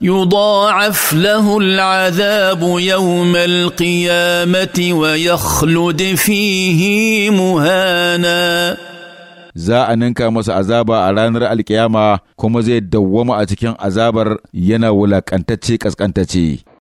يضاعف له العذاب يوم القيامة ويخلد فيه مهانا za a ninka masa azaba a ranar alkiyama kuma zai dawwama a cikin azabar yana wulakantacce kaskantacce.